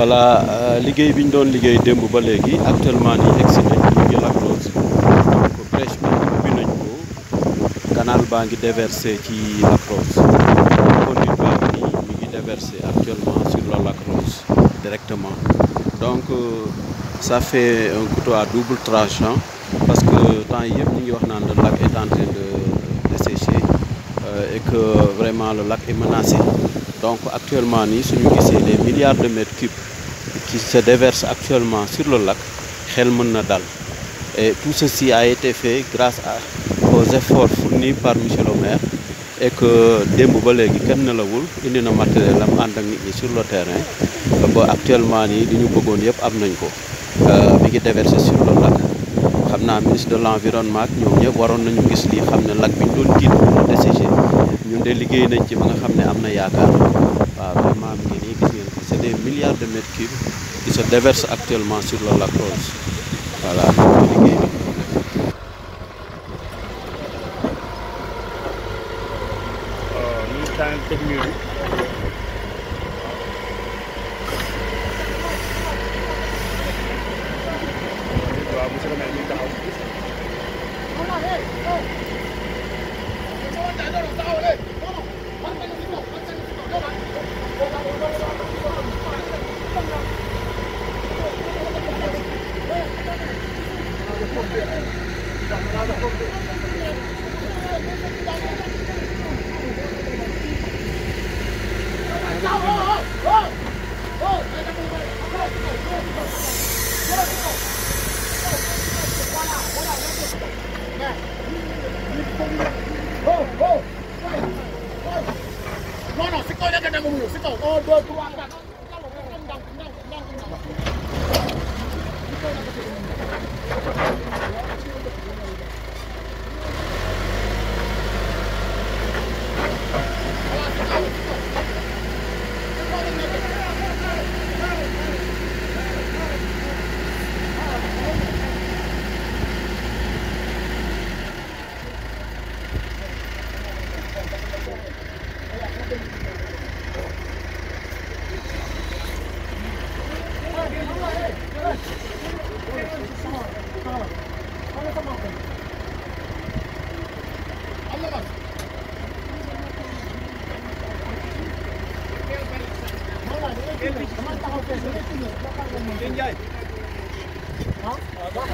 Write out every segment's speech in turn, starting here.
voilà euh, liguey biñ doon liguey démb ba légui actuellement ni egsi nañ ñu ngi Lac Rose donc bi nañ ko canal ba ngi déverser ci Lac Rose conduite canal ngi nii ñu ngi actuellement sur le Lac directement donc euh, ça fait un couteau à double tranchant parce que tant yi ñu wax naan le lac est en train de dessécher euh, et que vraiment le lac est menacé donc actuellement nous suñu les milliards de mètres cubes qui se déversent actuellement sur le lac xel Nadal. et tout ceci a été fait grâce aux efforts fournis par M. le maire et que des mouvements qui kenn ne lawul matériel sur le terrain actuellement nous avons euh, sur le lac xamna ministre de l'environnement ak ñoom ñepp waron nañu gis li xamne lak biñ doon tiit moo desséché ñun dé liggéey nañ ci ba nga xamne amna yaakaar wa vraiment mi ngi ni gis ngeen ko c' des milliards de mètres cubes qui se déversent actuellement sur le lac Rose voilà liggéey bi euh, 老了，嘿，走！你千万站走！我站领导，我站领导 kaw da nga danga mu ñëw si kaw 1 2 3 4 ndànk ndànk ndànk ndànk Kinh dây. Đó. Đó.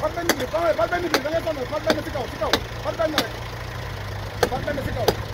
Bắt bên mình được rồi, bắt bên mình được rồi, bắt bên mình được rồi, bắt bên mình được rồi, bắt bên mình được rồi.